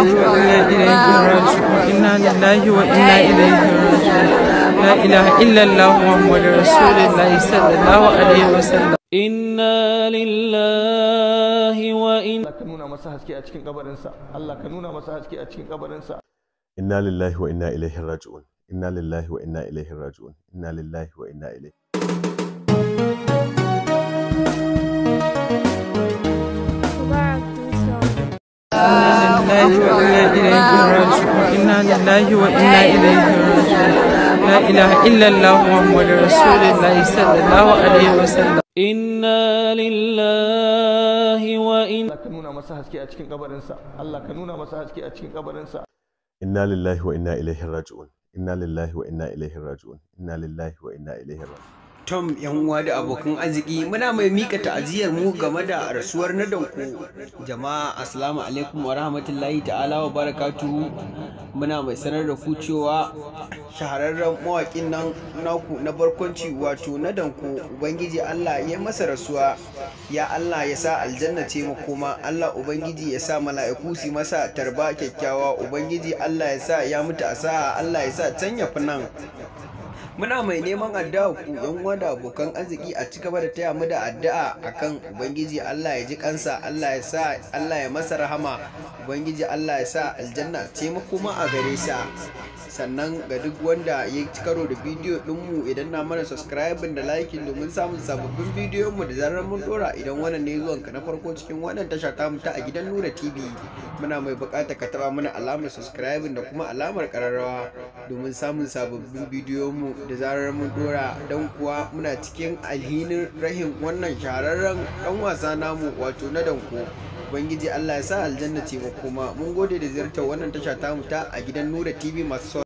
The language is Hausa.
lillahi wa inna lillahi wa inna ilaihi raji'un la lillahi wa inna ka nuna masa a cikin lillahi wa inna ilaihi raji'un inna lillahi wa inna lillahi wa inna إنا إليه راجعون إنا لله وإنا إليه راجعون لا إله إلا الله محمد رسول الله صلى الله عليه وسلم إنا لله وإنا lillahi wa inna ilaihi raji'un inna lillahi wa inna ilaihi raji'un inna lillahi wa Tom yan uwa da abokan arziki muna mai mika ta'aziyar mu game da rasuwar na danko jama'a assalamu alaikum wa rahmatullahi ta'ala wa barakatuhu muna mai sanar da ku cewa shahararren mawaƙin nan naku na barkwanci wato na danko ubangiji Allah ya masa rasuwa ya Allah ya sa aljanna ce kuma Allah ubangiji ya sa mala'iku su masa tarba kyakkyawa ubangiji Allah ya sa ya mutu a sa'a Allah ya sa can ya fi nan muna mai neman addu'a ku yan uwa da abokan arziki a ci gaba da taya mu da addu'a akan ubangiji Allah ya ji kansa Allah ya sa Allah ya masa rahama ubangiji Allah ya sa aljanna ce mu kuma a gare sa sannan ga duk wanda ya ci karo da bidiyo dinmu idan na mana subscribe da like domin samun sababbin bidiyon mu da zarar mun dora idan wannan ne zuwan ka na farko cikin wannan tasha ta mu ta a gidan Nura TV muna mai bukata ka taba mana alamar subscribe da kuma alamar kararrawa domin samun sababbin bidiyonmu da zarar mun dora don kuwa muna cikin alhinin rahin wannan shahararren dan wasa namu wato na danko ubangiji allah ya sa aljanna ce kuma mun gode da ziyartar wannan tasha tamu ta a gidan nura tv masu